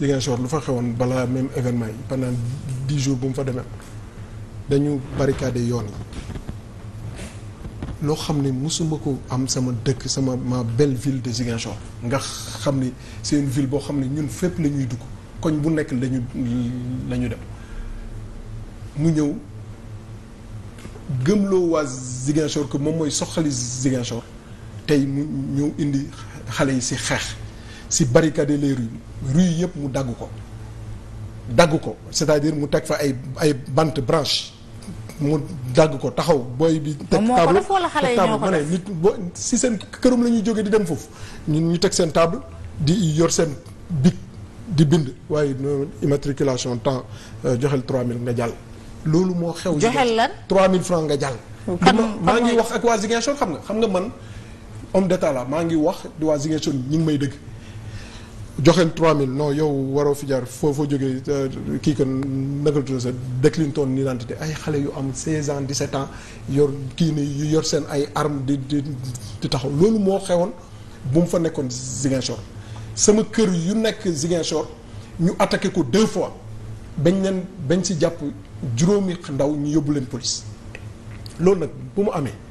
Ziguinchor lu fa xewoon balaa même événement yi pendant dix jours bu mu fa demee dañu barricade yoon yi loo xam ne mosuma ko am sama dëkk sama ma belle ville de Ziguinchor nga xam ni seen ville boo xam ne ñun fépp la ñuy dugg koñ bu nekk lañu la ñu dem mu ñëw gëmloo waa Ziguinchor que moom mooy soxali Ziguinchor tey mu ñëw indi xale yi si xeex si barricader les rues rues yëpp mu dagg ko dagg ko c'est-à-dire mu teg fa ay ay bant branche mu dagg ko taxaw booy bi teg table table ma ne nit boo si seen këram la ñuy jógee di dem foofu ñun ñu teg seen table di yor seen bic di bind waaye immatriculation temps euh, joxel 3000 nga jàll loolu moo xew joxel lan 3000 francs nga jàll maa ngi wax ak waa Ziguinchor xam nga xam nga man homme d'état la maa ngi wax di waa Ziguinchor ñu ngi may dëgg joxeen 3000 non yow waroo fi jaar foo foo jógee euh, kii kon naka la tudd sa décline ton identité ay xale yu am 16 ans 17 ans yor kii ni yor seen ay arm di di di taxaw loolu moo xewoon bu mu fa nekkoon Ziguinchor sama kër yu nekk Ziguinchor ñu attaqué ko deux fois bañ leen bañ si jàpp juróomi ndaw ñu yóbbu leen police loolu nag bu mu amee.